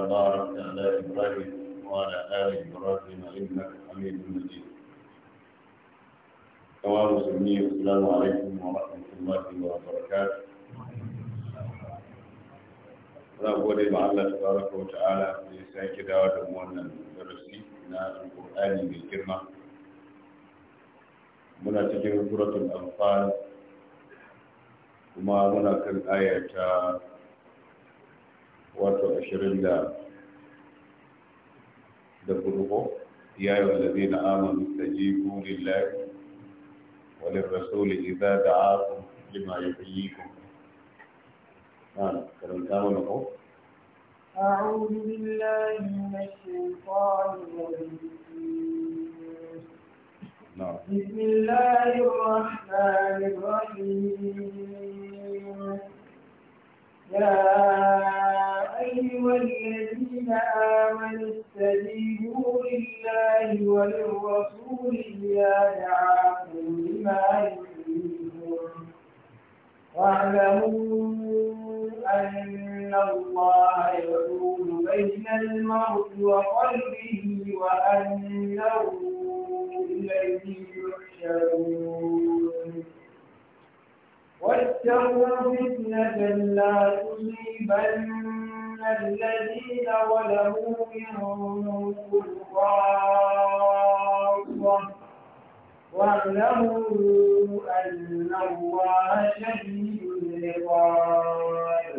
كما باركت على إبراهيم وعلى آل إبراهيم إنك حميد مجيد كما مسلمي السلام عليكم ورحمة الله وبركاته Muna gode ma Allah ta baraka wa ta'ala da ya sake dawo da wannan darasi na Alƙur'ani mai girma. Muna cikin suratul Anfal kuma muna kan aya ta واتو اشرين دا دبروه يا ايها الذين امنوا استجيبوا لله وللرسول اذا دعاكم لما يحييكم نعم آه، كرم تاما نقو أعوذ بالله من الشيطان الرجيم نعم بسم الله الرحمن الرحيم يا أيها الذين آمنوا استجيبوا لله وللرسول إذا دعاكم لما يحييكم واعلموا أن الله يحول بين المرء وقلبه وأنه إليه يحشرون واتقوا فتنة لا تصيبن الذين ظلموا منهم خاصة واعلموا أن الله شديد العقاب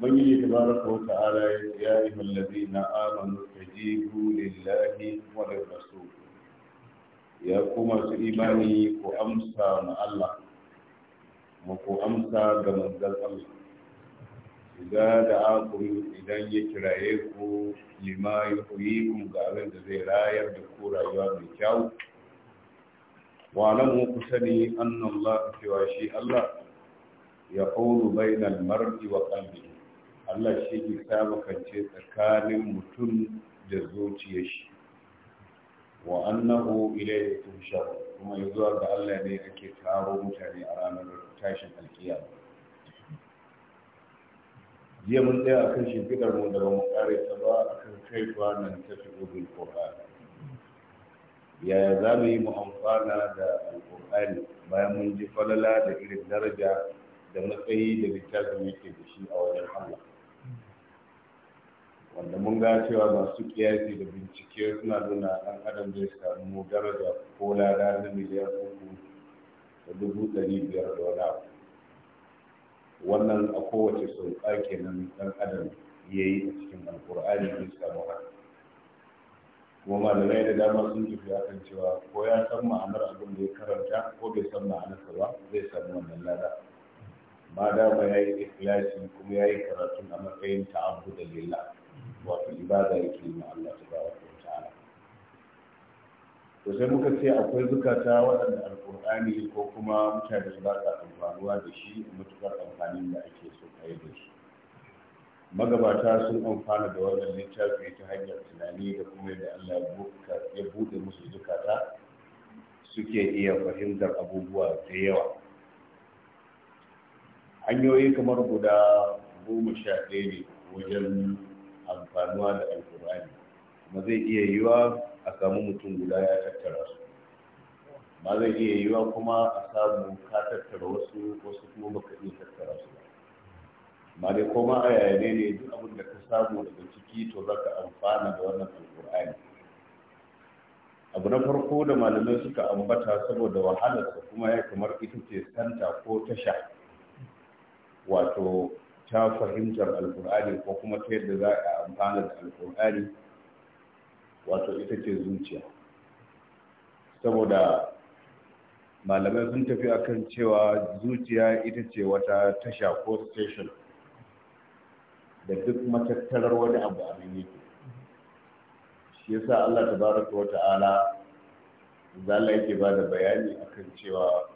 ubangiji tabaraka wa ta'ala ya ayyuhal ladina amanu tajibu lillahi wa ya kuma su imani ku amsa ma Allah ma ku amsa ga manzon Allah za da akun idan ya kiraye ku lima ya kuyi kun ga abin da zai rayar da ku rayuwa mai kyau wa alamu ku sani annan la cewa shi Allah ya qulu bainal mar'i wa qalbi Allah shi ke sabakance tsakanin mutum da zuciyar shi wa annahu ilayhi tumshar kuma zuwa ga Allah ne ake taro mutane a ranar tashin alkiyama jiya mun tsaya akan shimfiɗar mu da ba mu kare ta ba akan kaifa nan ta fi gudun ƙur'ani yaya za mu yi mu amfana da alƙur'ani bayan mun ji falala da irin daraja da matsayi da littafin yake da shi a wajen Allah wanda mun ga cewa masu kiyasi da bincike suna nuna an adam zai samu daraja ko lada na miliyan uku da dubu ɗari biyar da wannan a kowace sauƙa kenan ɗan adam ya yi a cikin alƙur'ani ya samu haka kuma malamai da dama sun tafi akan cewa ko ya san ma'anar abin da ya karanta ko bai san ma'anarsa ba zai samu wannan lada ma dama ya yi ikhlasi kuma ya yi karatun a matsayin ta'abdu da lillah wato ibada yake ma Allah ta to sai muka ce akwai zukata waɗanda alkur'ani ko kuma mutane ba sa amfanuwa da shi a matuƙar amfanin da ake so a yi da shi magabata sun amfana da wannan littafi ta hanyar tunani da kuma yadda allah ya buɗe musu zukata suke iya fahimtar abubuwa da yawa hanyoyi kamar guda goma sha ɗaya ne wajen amfanuwa da alkur'ani kuma zai iya yiwa a samu mutum guda ya tattara su ma zai iya yiwa kuma a samu ka tattara wasu wasu kuma baka iya tattara su ba ma dai koma a yayane ne duk abin da ka samu daga ciki to za ka amfana da wannan alƙur'ani abu na farko da malamai suka ambata saboda wahalar wahalarsa kuma ya kamar ita ce santa ko tasha wato ta fahimtar alƙur'ani ko kuma ta yadda za a amfana da alƙur'ani wato ita ce zuciya saboda malamai sun tafi akan cewa zuciya ita ce wata tasha ko station da duk matattarar wani abu a nan yake shi yasa Allah tabaraka wa ta'ala zalla yake ba da bayani akan cewa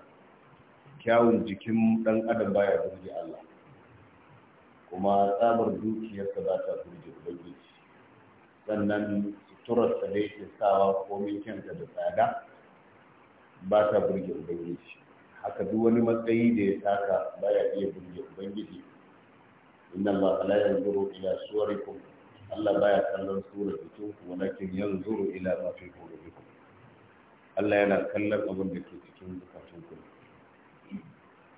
kyawun jikin dan adam baya burge Allah kuma tsabar dukiyarsa za ta burge ubangiji sannan suturarsa da yake sawa komin kyanta da tsada ba ta burge ubangiji haka duk wani matsayi da ya taka ba ya iya burge ubangiji inna ma la yanzuru ila suwarikum Allah baya kallon surar cikin ku walakin yanzuru ila ma fi qulubikum Allah yana kallon abin da ke cikin zukatun ku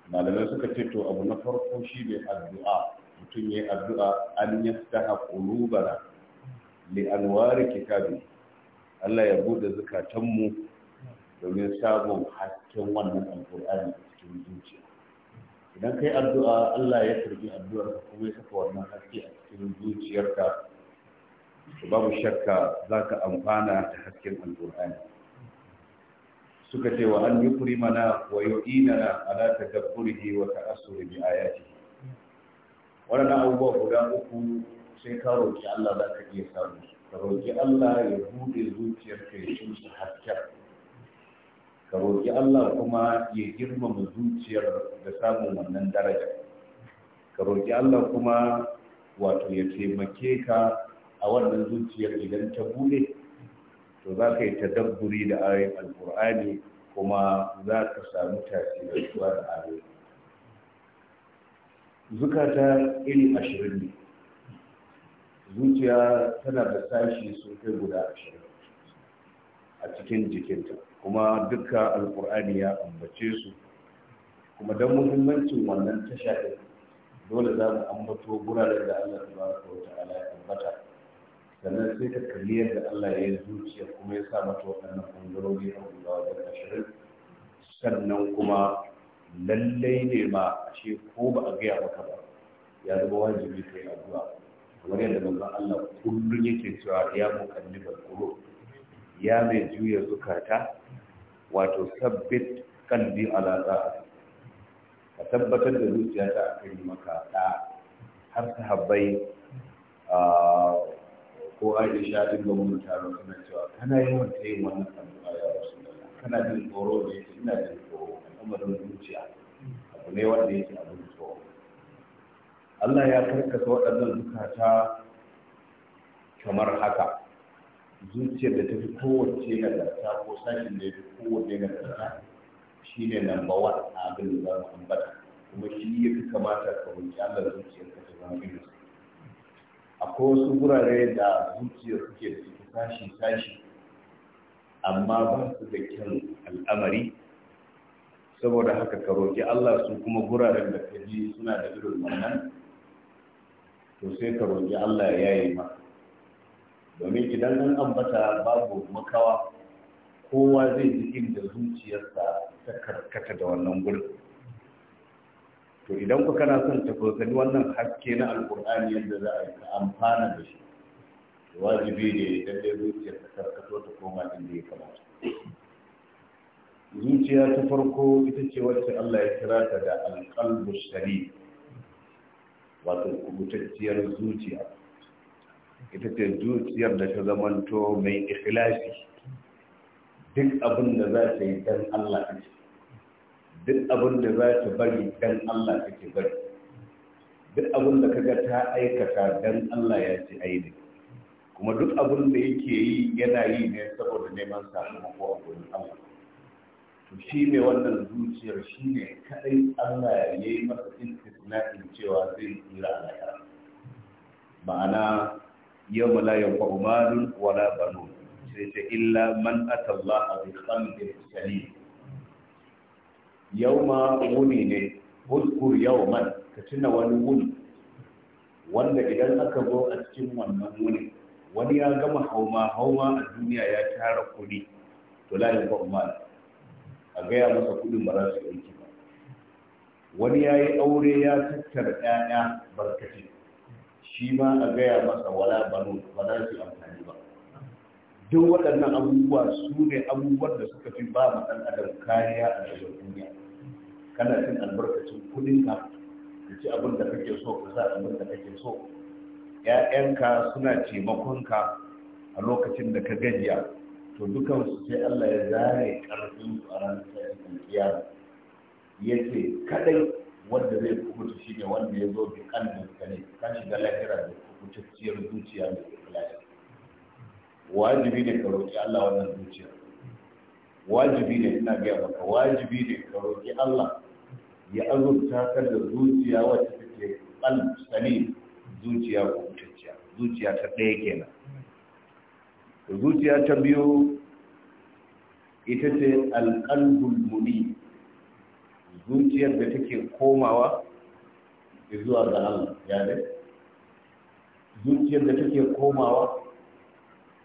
malamai suka ce to abu na farko shi ne addu'a mutum yayi addu'a an yastaha qulubana li anwari kitabi Allah ya bude zukatanmu domin sabon hasken wannan alƙur'ani a cikin zuciya idan kai addu'a Allah ya turbi addu'ar ka kuma ya saka wannan haske a cikin zuciyarka babu shakka za ka amfana da hasken alƙur'ani suka ce wa an yi mana wa yu'inana ala tadabburihi wa ta'assuri bi ayatihi waɗannan abubuwa guda uku sai ka roƙi Allah za ka iya samu ka roƙi Allah ya buɗe zuciyar ka ya shusa haske. ka roƙi Allah kuma ya girmama zuciyar da samun wannan daraja ka roƙi Allah kuma wato ya taimake ka a wannan zuciyar idan ta buɗe to za ka yi tadabburi da ayoyin alƙur'ani kuma za ka samu zuwa da ayoyi zukata iri ashirin ne zuciya tana da sashi sosai guda ashirin a cikin jikinta kuma dukkan alkur'ani ya ambace su kuma don muhimmancin wannan tasha ɗin dole za mu ambato guraren da Allah ta baka wata ta'ala ya ambata sannan sai ka kalli yadda Allah ya yi zuciya kuma ya sa mata waɗannan ɓangarori a guda wajen ashirin sannan kuma lallai ne ma ashe ko ba a gaya maka ba ya zama wajibi yi addu'a kamar yadda manzon Allah kullum yake cewa ya muqallibal qulub ya mai juya zukata wato sabbit kalbi ala za'a ka tabbatar da zuciya ta akan maka da har habbai ko Aisha din ga mun taro kana cewa kana yawan tayi wannan addu'a ya Rasulullah kana jin tsoro da yake ina jin tsoro da zuciya abu ne wanda yake abin tsoro Allah ya karkasa waɗannan zukata kamar haka zuciyar da ta fi kowace nagarta ko sashen da ya fi kowace nagarta shi ne namba a abin da za mu ambata kuma shi ya fi kamata ka wuce Allah zuciyar ka ta zama irin akwai wasu gurare da zuciyar suke da suke sashi sashi amma ba su da kyan al'amari saboda haka ka roƙi Allah su kuma guraren da ka ji suna da irin wannan to sai ka roƙi Allah ya yi maka domin idan an ambata babu makawa kowa zai ji inda zuciyarsa ta karkata da wannan gurin to idan ku kana son ta kokari wannan haske na alkur'ani yadda za a yi ka amfana da shi wajibi ne idan dai zuciyar ta karkato ta koma inda ya kamata zuciya ta farko ita ce wacce Allah ya kira ta da alƙalbu shari'a. wato kubutacciyar zuciya ita ce zuciyar da ta zamanto mai ikhlasi duk abin da za ta yi dan Allah kake duk abin da za ta bari dan Allah kake bari duk abin da kaga ta aikata dan Allah ya ci aini kuma duk abin da yake yi yana yi ne saboda neman sakamako a gurin Allah to shi mai wannan zuciyar shi ne kadai Allah ya yi masa istisna'in cewa zai tsira a lahira ma'ana yau la yanfa umarun wala banu sai ta illa man atallah a bi qalbin Yau ma wuni ne uzkur man ka tuna wani wuni wanda idan aka zo a cikin wannan wuni wani ya gama hauma hauma a duniya ya tara kuɗi to la ba umarun a gaya masa kudin ba za su aiki ba wani ya yi aure ya tattara ɗaya barkatai shi ma a gaya masa wala banu ba za su amfani ba duk waɗannan abubuwa su ne abubuwan da suka fi ba ma ɗan adam kariya a cikin duniya kana cin albarkacin kudin ka ci abin da kake so ka sa abin da kake so ƴaƴanka suna taimakonka a lokacin da ka gajiya to dukan su sai Allah ya zare karfin su a ranar ya ya ce kadai wanda zai kubuta ne wanda ya zo kan kalbin ka ne ka shiga lahira da kubutacciyar zuciya da ikhlasi wajibi ne ka roki Allah wannan zuciya wajibi ne ina ga maka wajibi ne ka roki Allah ya azurta ka da zuciya wacce take qalb salim zuciya kubutacciya zuciya ta ɗaya kenan zuciya ta biyu ita ce alƙalbul muni zuciyar da take komawa zuwa ga Allah ya dai zuciyar da take komawa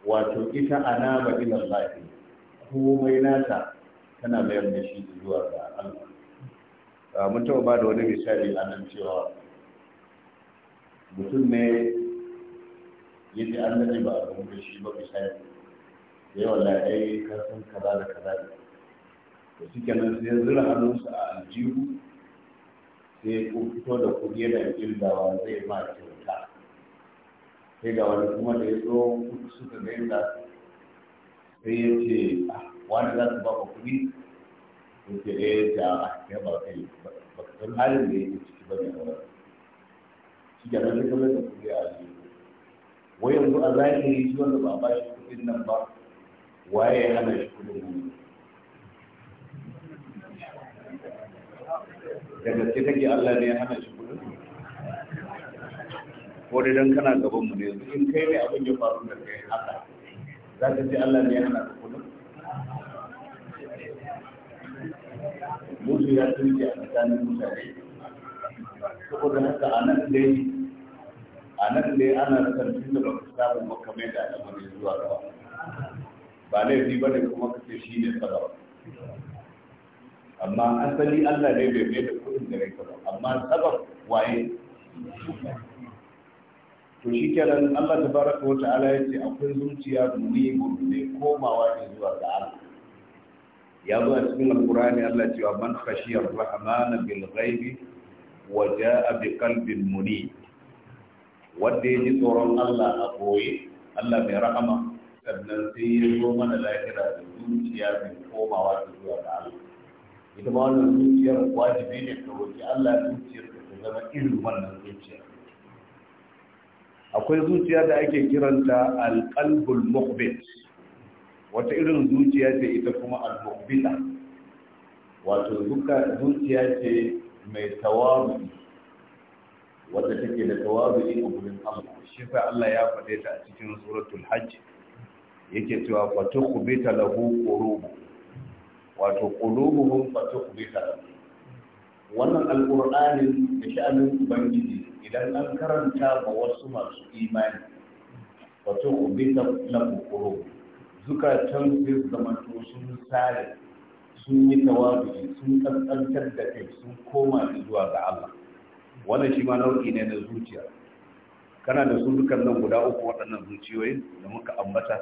wato ita ba ila Allah komai nata tana mayar da shi zuwa ga Allah mun taɓa ba da wani misali a nan cewa mutum ne ya ce an daɗe ba a gamu da shi ba bi shayi da yawa la'ayi kasan kaza da kaza da da suke nan sai zira hannunsa a aljihu sai ko fito da kuɗi yana gildawa zai ma kyauta sai ga wani kuma da ya zo suka gaida sai ya ce ah, wani za su ba ku kuɗi ya ce eh ta a kai ba kai ba ka san halin da yake ciki ba ne a wani shi ke nan sai ka da kuɗi a aljihu wai yanzu a zahiri shi wanda ba ba shi kudin nan ba waye ya hana shi kudin nan da gaske take Allah ne ya hana shi kudin ko dai dan kana gaban mu ne yanzu in kai ne abin ya faru da kai haka za ka ce Allah ne ya hana shi kudin mutu ya tsinke a tsakanin mutane saboda haka a nan dai a nan ne ana san tunda da ka samu makamai da al'amari zuwa gaba ba laifi ba ne kuma kake shi ne sababa amma asali Allah ne bai da kudin da rai ba amma sabab waye to shi kenan Allah ta baraka wa ta'ala ya ce akwai zuciya muni muni komawa ne zuwa ga Allah ya zo a cikin alkurani Allah cewa man khashiyar rahmana bil ghaibi wa ja'a bi qalbin munib wanda ya ji tsoron Allah a boye Allah mai rahama sannan sai ya zo mana lahira da zuciya mai komawa da zuwa ga Allah ita ma wannan zuciyar wajibi ne ka roki Allah zuciyar ka ta zama irin wannan zuciya akwai zuciya da ake kiranta alqalbul muqbit wata irin zuciya ce ita kuma al-muqbita wato zuciya ce mai tawabu wadda take da tawazu'i a gurin Allah shi fa Allah ya faɗe ta a cikin suratul hajj yake cewa fatukhbita lahu qulubu wato qulubuhum fatukhbita lahu wannan alqur'ani da sha'anin ubangiji idan an karanta ba wasu masu imani fatukhbita lahu qulubu zukatan sai zamanto sun sare sun yi tawazu'i sun kaskantar da kai sun koma zuwa ga Allah wannan shi ma nau'i ne na zuciya kana da su dukan nan guda uku waɗannan zuciyoyin da muka ambata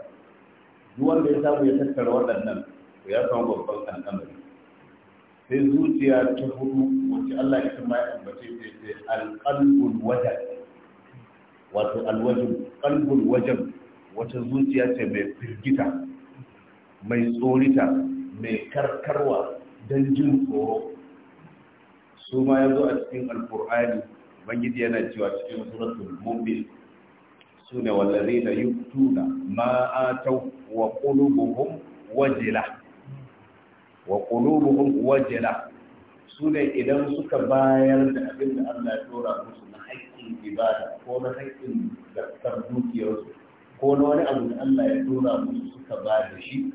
duk wanda ya samu ya tattara waɗannan to ya samu babban al'amari sai zuciya ta hudu wacce Allah ya kuma ya ambace ta ce alqalbul wajab wato alwajab qalbul wajab wata zuciya ce mai firgita mai tsorita mai karkarwa don jin tsoro su ma ya zo a cikin alkur'ani bangiji yana cewa cikin suratul mu'min su ne wallazi da yi ma atau wa qulubuhum wajila wa qulubuhum wajila su ne idan suka bayar da abin da Allah ya dora musu na haƙƙin ibada ko na haƙƙin zakar dukiyarsu ko na wani abu da Allah ya dora musu suka ba da shi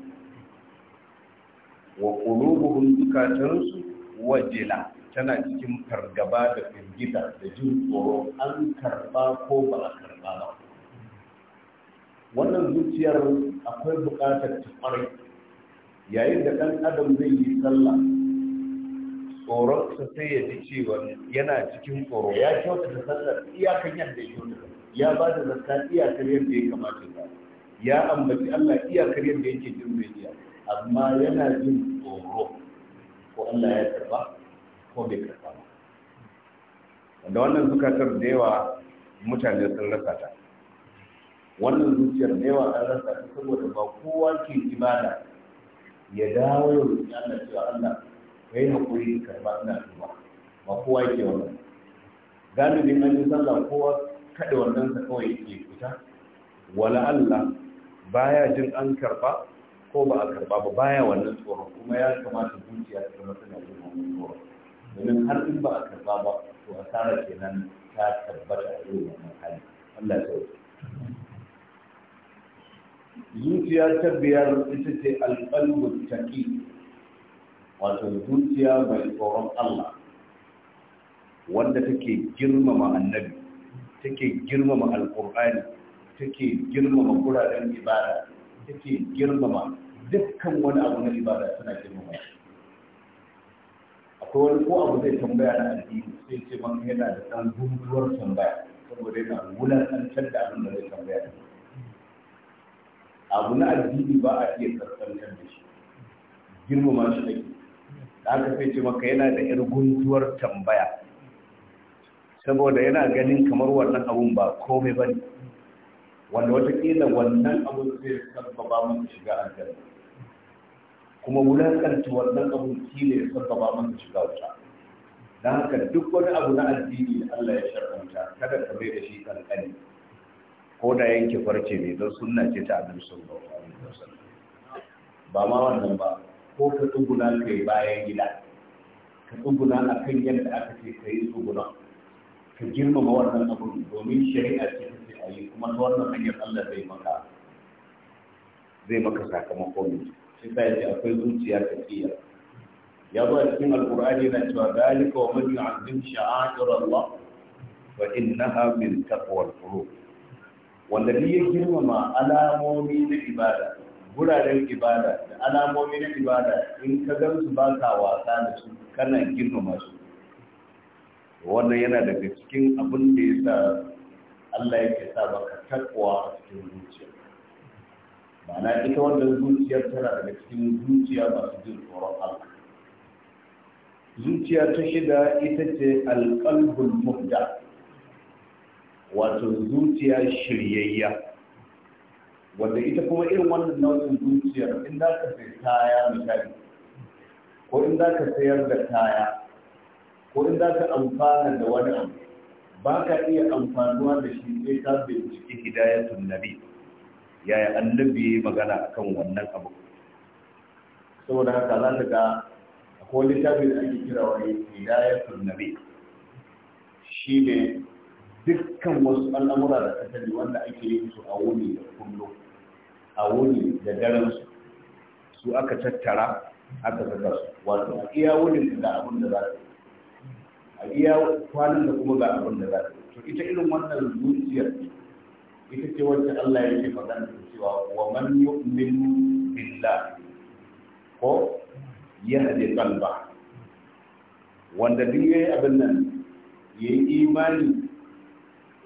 wa qulubuhum dukatansu wajila tana cikin fargaba da firgita da jin tsoro an karba ko ba a karba ba wannan zuciyar akwai buƙatar ta ƙwarai yayin da ɗan adam zai yi sallah tsoronsa sai ya ji cewa yana cikin tsoro ya kyauta da sallar iyakan yadda ya kyauta ya ba da zakka iyakar yadda ya kamata ba ya ambaci Allah iyakar yadda yake jin mai iya amma yana jin tsoro ko Allah ya karba ko bai karɓa ba wanda wannan zukatar da yawa mutane sun rasa ta wannan zuciyar da yawa an rasa ta saboda ba kowa ke ibada ya dawo ya roƙi Allah cewa Allah ka yi haƙuri da karɓa ina tuba ba kowa ke wannan galibin an yi sallah kowa kaɗa wannan sa kawai yake fita wala Allah baya jin an karɓa ko ba a karɓa ba baya wannan tsoron kuma ya kamata zuciya ta zama tana jin wannan tsoron domin har in ba a karba ba to asara kenan ta tabbata a irin wannan hali Allah ya zuciya ta biyar ita ce alƙalbu taƙi wato zuciya mai tsoron Allah wanda take girmama annabi take girmama alƙur'ani take girmama guraren ibada take girmama dukkan wani abu na ibada suna girmama shi ko wani ko abu zai tambaya na addini sai ce man yana da ɗan gunduwar tambaya saboda yana wulaƙantar da abin da zai tambaya abu na addini ba a iya karkantar da shi girmama shi ne, da aka sai ce maka yana da yar guntuwar tambaya saboda yana ganin kamar wannan abun ba komai ba ne wanda watakila wannan abun zai sabba mu shiga aljanna kuma wulakanta wannan abun shi ne ya ba mana shiga wuta Na haka duk wani abu na addini da Allah ya shar'anta kada ka bai da shi kankani ko da yanke farce ne don sunna ce ta annabi sallallahu alaihi wasallam ba ma wannan ba ko ka tsuguna kai bayan gida ka tsuguna a kan yadda aka ce ka yi tsuguna ka girmama wannan abu domin shari'a ce ta ce a kuma ta wannan hanyar Allah zai maka zai maka sakamako shi yake akwai zuciya tafiya ya zo cikin alkur'ani na cewa dalika wa man yu'azzim sha'air Allah wa innaha min taqwa al wanda ni ya girmama alamomi na ibada guraren ibada da alamomi na ibada in ka gansu ba ka wasa da su kana girmama su wannan yana daga cikin abin da ya sa Allah yake sa baka takwa a cikin zuciya ma'ana ita wannan zuciyar tana daga cikin zuciya masu jin tsoron Allah zuciya ta shida ita ce alƙalbul mubda wato zuciya shiryayya wanda ita kuma irin wannan nau'in zuciyar in za ka sai kaya misali ko in za ka sayar da kaya ko in za ka amfana da wani abu ba ka iya amfanuwa da shi sai ka binciki hidayatun nabi yaya annabi ya magana akan wannan abu saboda haka zan ka ga akwai littafin da ake kira wani hidayatul nabi shi ne dukkan wasu al'amura da kasari wanda ake yi su a wuni da kullum a wuni da daren su su aka tattara aka saka su wato a iya wuni da abin da za su a iya kwanan da kuma ga abin da za su to ita irin wannan zuciyar ne ita ce wacce Allah ya ce magana da cewa wa man yu'min billah ko ya yahdi qalba wanda duk yayi abin nan yayi imani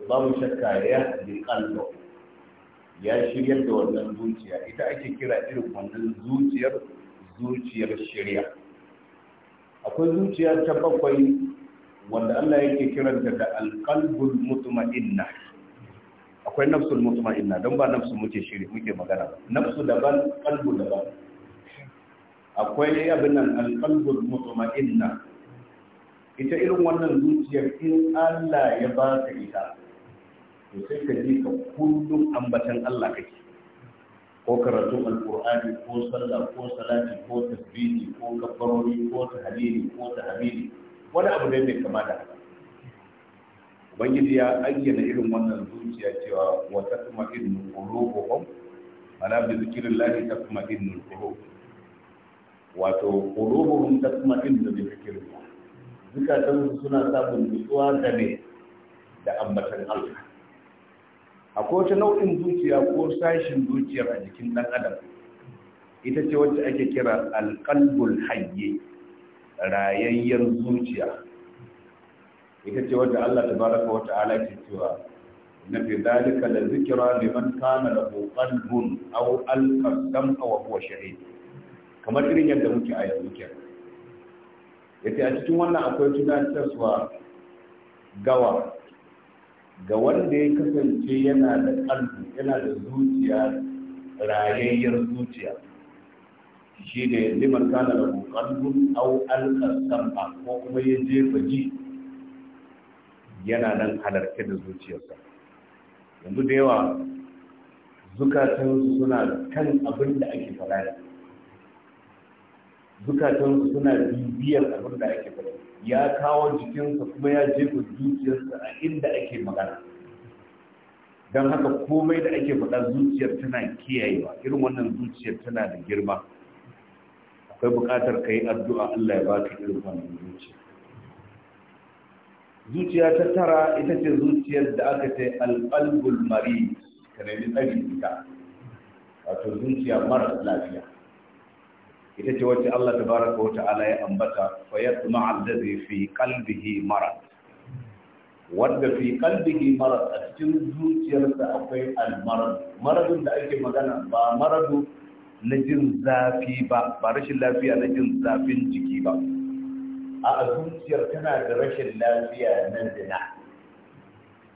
babu shakka ya bi qalba ya shiryar da wannan zuciya ita ake kira irin wannan zuciyar zuciyar shirya akwai zuciya ta bakwai wanda Allah yake kiranta da alqalbul mutma'inna akwai nafsul mutma'inna don ba nafsu muke shiri muke magana nafsu daban kalbu daban akwai abin nan alqalbul mutma'inna ita irin wannan zuciyar in Allah ya ba ka ita to sai ka ji ka kullum ambatan Allah kake ko karatu qurani ko sallah ko salati ko tasbihi ko kabbarori ko tahlili ko tahmidi wani abu ne mai kamata. haka ubangiji ya ayyana irin wannan zuciya cewa wa tatma'innul qulubuhum ala bi zikrillah tatma'innul qulub wato qulubuhum tatma'innu bi zikrillah zukatan suna samun nutsuwa da ne da ambatan Allah akwai wata nau'in zuciya ko sashin zuciyar a jikin dan adam ita ce wacce ake kira alqalbul hayy rayayyen zuciya ita ce wadda Allah baraka wa ta'ala ke cewa na fi dalika la zikra liman kana lahu qalbun aw alqa sam'a wa huwa shahid kamar irin yadda muke a yanzu ke yace a cikin wannan akwai tunatarwa gawa ga wanda ya kasance yana da kalbi yana da zuciya rayayyar zuciya shi ne liman kana da ƙalbin au alƙasar ko kuma ya jefa ji yana nan halarke da zuciyarsa yanzu da yawa zukatansu suna kan abin da ake faɗa zukatansu suna bibiyar abin da ake faɗa ya kawo jikinsa kuma ya jefa zuciyarsa a inda ake magana don haka komai da ake faɗa zuciyar tana kiyayewa irin wannan zuciyar tana da girma akwai buƙatar ka yi addu'a Allah ya baka irin wannan zuciya zuciya ta tara ita ce zuciyar da aka ce alƙalbul mari ka nemi tsari ita wato zuciya mara lafiya ita ce wacce Allah tabaraka wa ala ya ambata fa yatma allazi fi kalbihi marad wadda fi kalbihi marad a cikin zuciyarsa akwai almarad maradun da ake magana ba maradu na jin zafi ba ba rashin lafiya na jin zafin jiki ba a zuciyar tana da rashin lafiya nan zina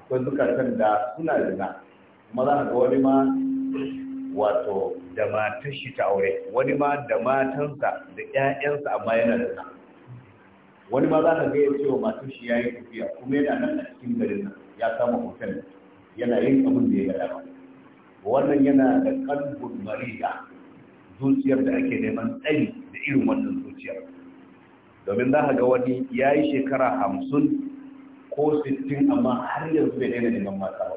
akwai zukatan da suna zina kuma za ga wani ma wato da matar shi ta aure wani ma da matansa da ƴaƴansa amma yana zina wani ma za ka ga ya ce wa shi ya yi tafiya kuma yana nan a cikin garin nan ya kama hotel yana yin abin da ya ga ba wannan yana da kalbun mariya zuciyar da ake neman tsari da irin wannan zuciyar domin za ka ga wani ya yi shekara hamsin ko sittin amma har yanzu bai daina neman mata ba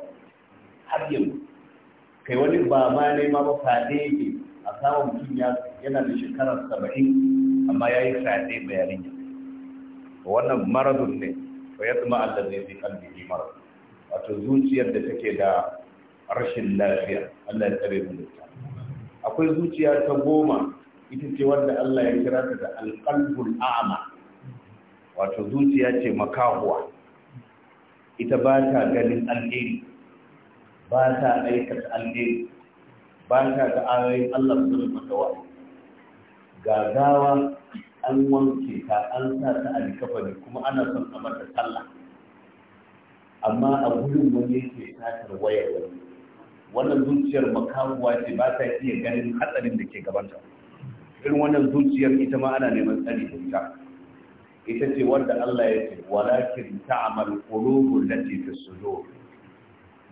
har yanzu kai wani ba ma nema ba fade ne a samun mutum yana da shekarar saba'in amma ya yi fade bayanin yau wannan maradun ne to ya zama allah zai fi kalbi marar wato zuciyar da take da rashin lafiya allah ya tsare mu akwai zuciya ta goma ita ce wanda Allah ya kira ta da alqalbul a'ma wato zuciya ce makahuwa ita ba ta ganin alheri ba ta aikata alheri ba ta ga ayoyin Allah sun mata gagawa an wanke ta an sa ta a kafani kuma ana son a mata sallah amma a gudun wani ke tatar wayar wani wannan zuciyar makahuwa ce ba ta iya ganin hatsarin da ke gabanta irin wannan zuciyar ita ma ana neman tsari da ita ita ce wanda Allah ya ce walakin ta'mal qulubul lati fi sudur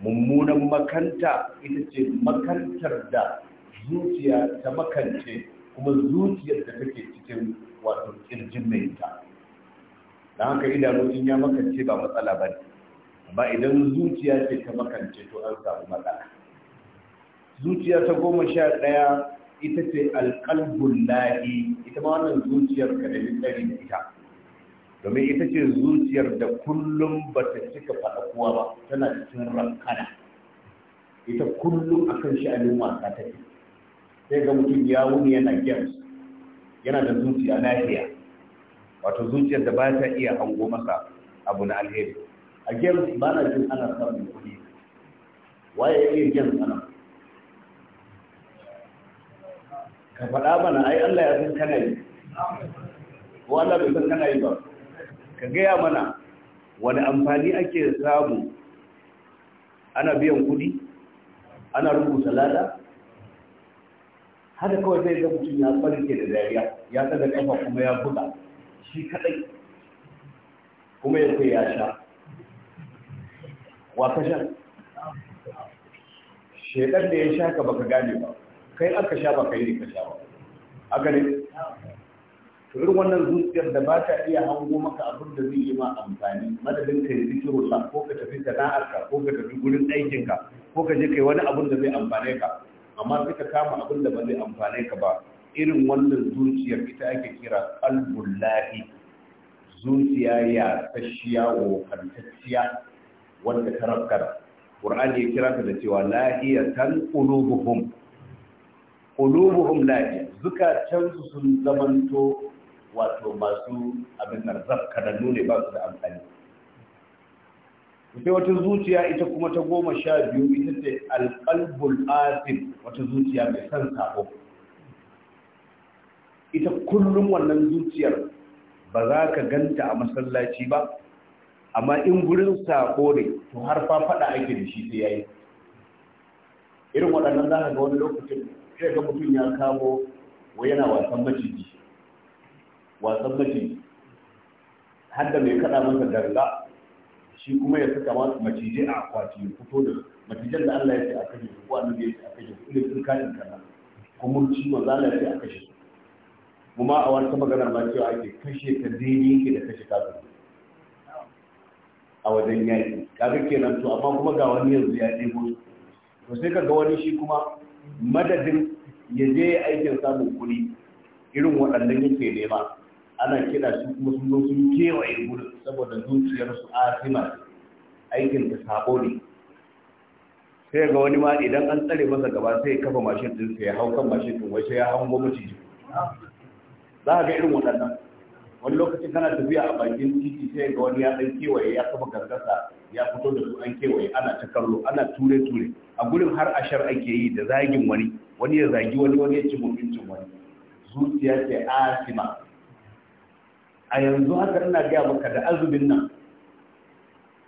mummunan makanta ita ce makantar da zuciya ta makance kuma zuciyar da take cikin wato kirjin mai ta dan haka idanu in ya makance ba matsala ba ne amma idan zuciya ce ta makance to an samu matsala zuciya ta goma sha ɗaya ita ce alƙalbun lahi ita ma wannan zuciyar ka da tsari ita domin ita ce zuciyar da kullum ba ta cika kowa ba tana cikin rankana ita kullum akan sha'anin wasa ta ce. sai ga mutum ya wuni yana games yana da zuciya lafiya wato zuciyar da ba ta iya hango masa abu na alheri a games ba na jin ana samun kuɗi waye ya iya games ana ka faɗa mana ai Allah ya san kana yi ko Allah bai san kana yi ba ka gaya mana wani amfani ake samu ana biyan kudi ana rubuta lada haka kawai sai ga mutum ya barke da dariya ya tsaga kafa kuma ya buga shi kadai kuma ya kai ya sha wa ka sha shekar da ya sha ka baka gane ba kai aka sha ba kai ne ka sha ba a gane to irin wannan zuciyar da ba ta iya hango maka abin da zai yi ma amfani madadin ka yi zikiru sa ko ka tafi sana'ar ka ko ka tafi gurin aikin ka ko ka je kai wani abin da zai amfane ka amma sai ka kama abin da ba zai amfane ka ba irin wannan zuciyar ita ake kira lahi zuciya ya tashiya wa kantacciya wanda ta rakkara Qur'ani ya kira ka da cewa lahiyatan qulubuhum qulubuhum laji zukatansu sun zamanto wato masu abin zafka da nune ba su da amfani sai wata zuciya ita kuma ta goma sha biyu ita ce alƙalbul asin wata zuciya mai son sabo ita kullum wannan zuciyar ba za ka ganta a masallaci ba amma in gurin sabo ne to har fa faɗa ake da shi sai yayi irin waɗannan za ka ga wani lokacin sai ga mutum ya kamo wa yana wasan maciji wasan majiji har da mai kada masa danga shi kuma ya saka masu maciji a kwaci ya fito da majijin da Allah ya ce a kashe su ko annabi ya ce a kashe su ne sun kan nan kuma shi ma za ya ce a kashe su kuma a wata maganar ma cewa ake kashe ka daidai yake da kashe kafin a wajen yaƙi kaga kenan to amma kuma ga wani yanzu ya ɗebo to sai ka ga wani shi kuma madadin ya je aikin samun kuɗi irin waɗannan yake nema ana kira su kuma sun zo sun kewaye gudu saboda zuciyar su asima aikin ta sabo ne sai ga wani ma idan an tsare masa gaba sai ya kafa mashin din sai ya hau kan mashin din wai sai ya hango maciji za a ga irin waɗannan wani lokaci kana tafiya a bakin titi sai ga wani ya dan kewaye ya kafa gargasa ya fito da su an kewaye ana ta kallo ana ture ture a gurin har ashar ake yi da zagin wani wani ya zagi wani wani ya ci mutuncin wani zuciya ce asima a yanzu haka ina gaya maka da azumin nan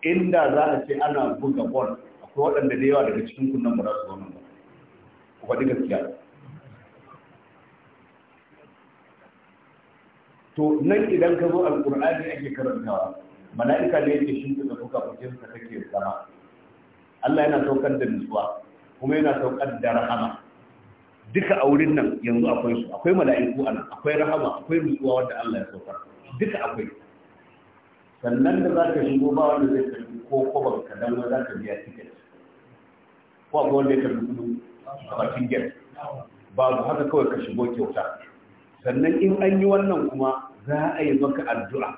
inda za a ce ana buga bol akwai waɗanda da yawa daga cikin kunnan ba za su zo nan ba ku faɗi gaskiya to nan idan ka zo alkur'ani ake karantawa mala'ika ne yake shimfiɗa fuka fukinsa take sama Allah yana saukar da nutsuwa kuma yana saukar da rahama duka a wurin nan yanzu akwai su akwai mala'iku a nan akwai rahama akwai nutsuwa wanda Allah ya saukar duka akwai sannan da za ka shigo ba wanda zai karbi ko kwabar ka dan za ka biya tiket ko akwai wanda ya karbi kudu a bakin gate babu haka kawai ka shigo kyauta sannan in an yi wannan kuma za a yi maka addu'a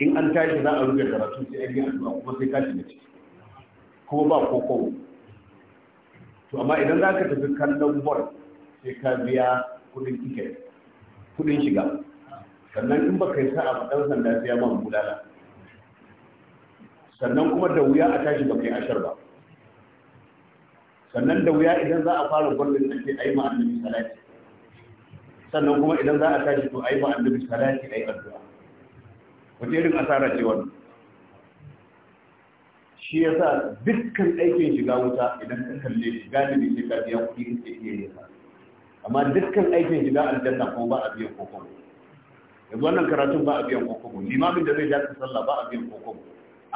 in an tashi za a rufe karatu sai an yi addu'a kuma sai ka shiga ciki kuma ba ko kokowo to amma idan za ka tafi kallon bol sai ka biya kudin tiket kudin shiga sannan in ba ka yi sa'a a ɗan sanda sai ya ma bulala sannan kuma da wuya a tashi ba kai ashar ba sannan da wuya idan za a fara gwamnati ake aima annabi salati sannan kuma idan za a tashi to a yi ba annabi salati a yi addu'a wace irin asara ce wannan shi ya sa dukkan aikin shiga wuta idan ka kalle shi galibi shi ka biya kuɗi in iya yin sa amma dukkan aikin shiga aljanna ko ba a biyan kokobo yanzu wannan karatun ba a biyan kokobo limamin da zai ja ka sallah ba a biyan kokobo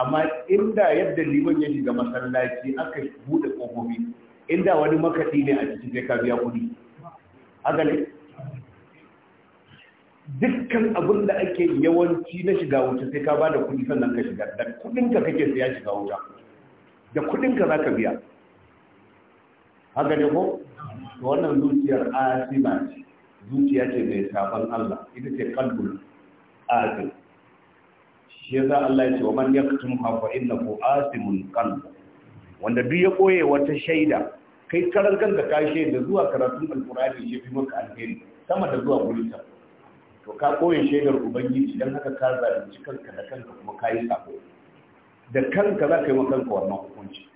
amma inda yadda liman ya shiga masallaci aka buɗe kofofi inda wani makaɗi ne a cikin sai ka biya kuɗi haka ne dukkan abin da ake yawanci na shiga wuta sai ka bada kuɗi sannan ka shiga da kuɗinka ka kake siya shiga wuta da za ka biya haka ne ko wannan zuciyar asima ce zuciya ce mai sabon Allah ita ce kalbul asim shi yasa Allah ya ce wa man yaktum ha fa innahu asimun qalb wanda duk ya koye wata shaida kai karan kanka ka shaida zuwa karatun alqur'ani shi fi maka alheri sama da zuwa gurin to ka koyi shaidar ubangiji don haka ka zalunci kanka da kanka kuma ka yi sako da kanka za ka yi wa kanka wannan hukunci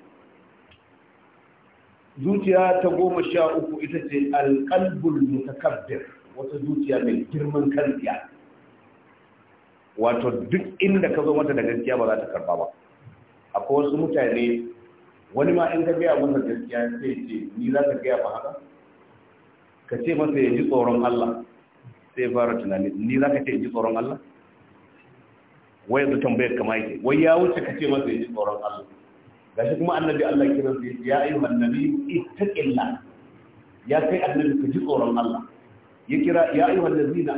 zuciya ta goma sha uku ita ce alƙalbul mutakabbir wata zuciya mai girman kantiya wato duk inda ka zo mata da gaskiya ba za ta karba ba akwai wasu mutane wani ma in ka gaya masa gaskiya sai ce ni za ka gaya ba haka ka ce masa ya ji tsoron Allah sai fara tunani ni za ka ce ji tsoron Allah wai yanzu tambayar kama yake wai ya wuce ka ce masa ji tsoron Allah shi kuma annabi Allah kira sai ya ayu annabi illa ya kai annabi ka ji tsoron Allah ya kira ya na abin ita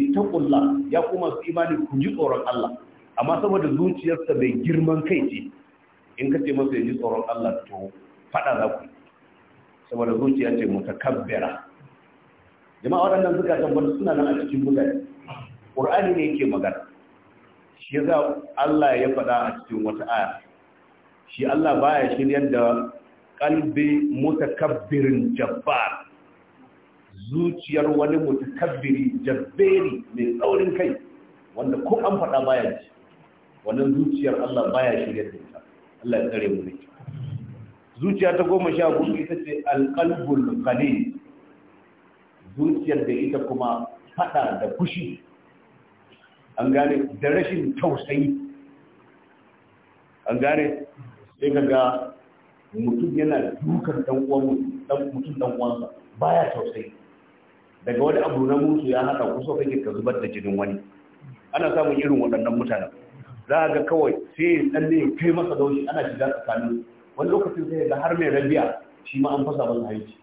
ittaqullah ya kuma su imani ku ji tsoron Allah amma saboda zuciyarsa bai girman kai ce in ka ce masa ya ji tsoron Allah to fada za ku saboda zuciya ce mutakabbira jama'a waɗannan zukatan wani suna nan a cikin mutane ƙur'ani ne yake magana shi za Allah ya faɗa a cikin wata aya shi Allah baya shiryar da ƙalbi mutakabbirin jabbar zuciyar wani mutakabbiri jabberi mai tsaurin kai wanda ko an faɗa baya ji wannan zuciyar Allah baya shiryar da ita Allah ya tsare mu ne zuciya ta goma sha hudu ita ce alƙalbul qalil zuciyar da ita kuma fada da kushi. an gane da rashin tausayi an gane sai ka ga mutum yana dukan dan mutum dan uwansa baya tausayi daga wani abu na musu ya hada kusa kake ka zubar da jinin wani ana samun irin waɗannan mutanen za ga kawai sai dan ne kai masa daushi ana shiga tsakanin wani lokacin sai ga har mai rabiya shi ma an fasa masa hanci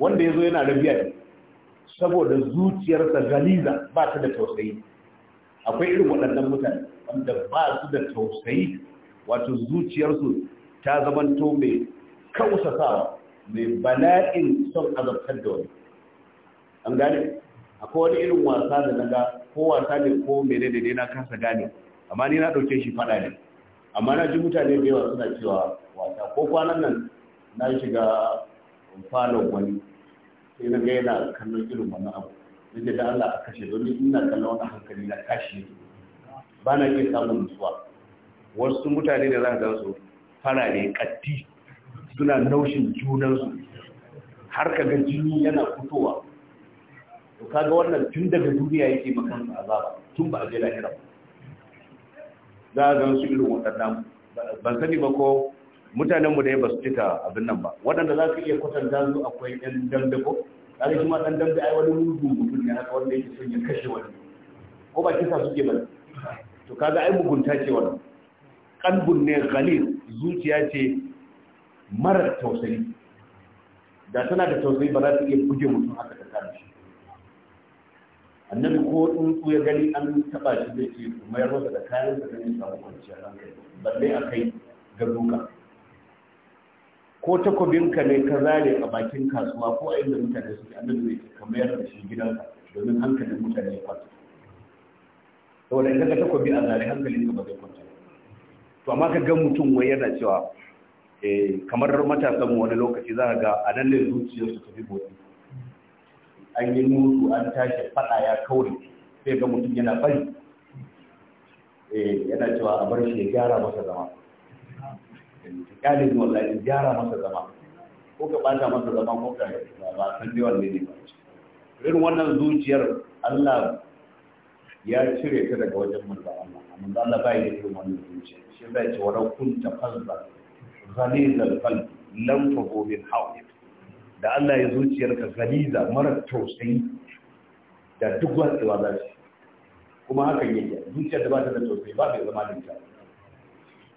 wanda ya zo yana rabiya saboda zuciyarsa galiza ba ta da tausayi akwai irin waɗannan mutane wanda ba su da tausayi wato zuciyarsu ta zaman zamanto mai kausasawa mai bala'in son azabtar da wani an gane akwai wani irin wasa da naga ko wasa ne ko mene ne na kasa gane amma ni na ɗauke shi faɗa ne amma na ji mutane da yawa suna cewa wasa ko kwanan nan na shiga falon wani sai na ga yana kallon irin wannan abu nake da Allah a kashe domin ina kallon wani hankali na kashe ba na iya samun nutsuwa wasu mutane da za ka fara ne katti suna naushin junansu har ka ga jini yana fitowa to kaga wannan tun daga duniya yake makansa azaba tun ba a je lahira ba za a gan su irin waɗannan ban sani ba ko mutanen mu da ba su cika abin nan ba waɗanda za ka iya kwatanta su akwai ɗan dambe ko, kaga shi ma ɗan dambe ai wani mugu mutum ne haka wanda yake son ya kashe wani ko ba kisa suke ba to kaga ai mugunta ce wannan kalbun ne ghalil zuciya ce mara tausayi da tana da tausayi ba za ta iya buge mutum haka ta kare shi annabi ko tsuntsu ya gani an taba shi zai ce mayar masa da kayan sa ne samu kwanciyar hankali balle a kai ga duka ko takobinka ne ka zare a bakin kasuwa ko a inda mutane suke annabi zai ka mayar da shi gidanka domin hankalin mutane ya kwanta saboda idan ka takobi a zare hankalin ka ba zai kwanta to amma ka ga mutum wai yana cewa eh kamar matasan wani lokaci za ka ga a nan ne zuciyarsu ta fi botsi an yi nuru an tashi fada ya kawai sai ga mutum yana bari eh yana cewa a bar shi ya gyara masa zama kyale ne wallahi in gyara masa zama ko ka bata masa zama ko ka ba san dai wanne ne ba irin wannan zuciyar Allah ya cire ta daga wajen manzon Allah manzon Allah bai da irin wannan zuciya shi bai ce wa rakun tafazza ghalizal qalb lam tabu min hawlik da Allah ya zuciyarka ghaliza mara tausayi da duk wani ba za shi kuma hakan yake zuciyar da ba ta da tausayi ba bai zama da ita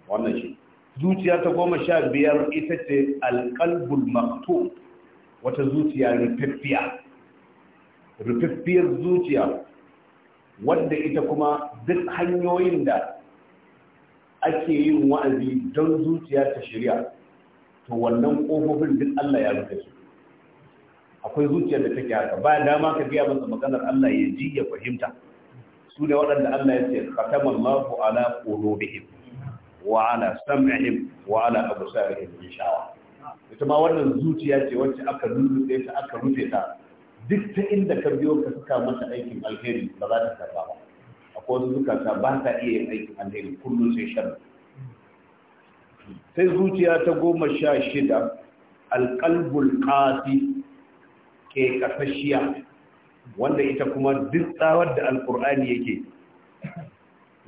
wannan shi zuciya ta goma sha biyar ita ce alƙalbul maktum wata zuciya rufaffiya rufaffiyar zuciya wadda ita kuma duk hanyoyin da ake yin wa'azi don zuciya ta shirya to wannan ƙofofin duk Allah ya rufe su akwai zuciyar da take haka ba dama ka biya masa maganar Allah ya ji ya fahimta su ne waɗanda Allah ya ce khatamallahu ala qulubihim wa ala sam'ihim wa ala absarihim shawa. ita ma wannan zuciya ce wacce aka lulluɗe ta aka rufe ta duk ta inda ka biyo ka saka mata aikin alheri ba za ta karba ba akwai wasu zukata ba ta iya yin aikin alheri kullum sai shan sai zuciya ta goma sha shida alƙalbul ƙasi ke ƙasashiya, wanda ita kuma duk tsawar da alƙur'ani yake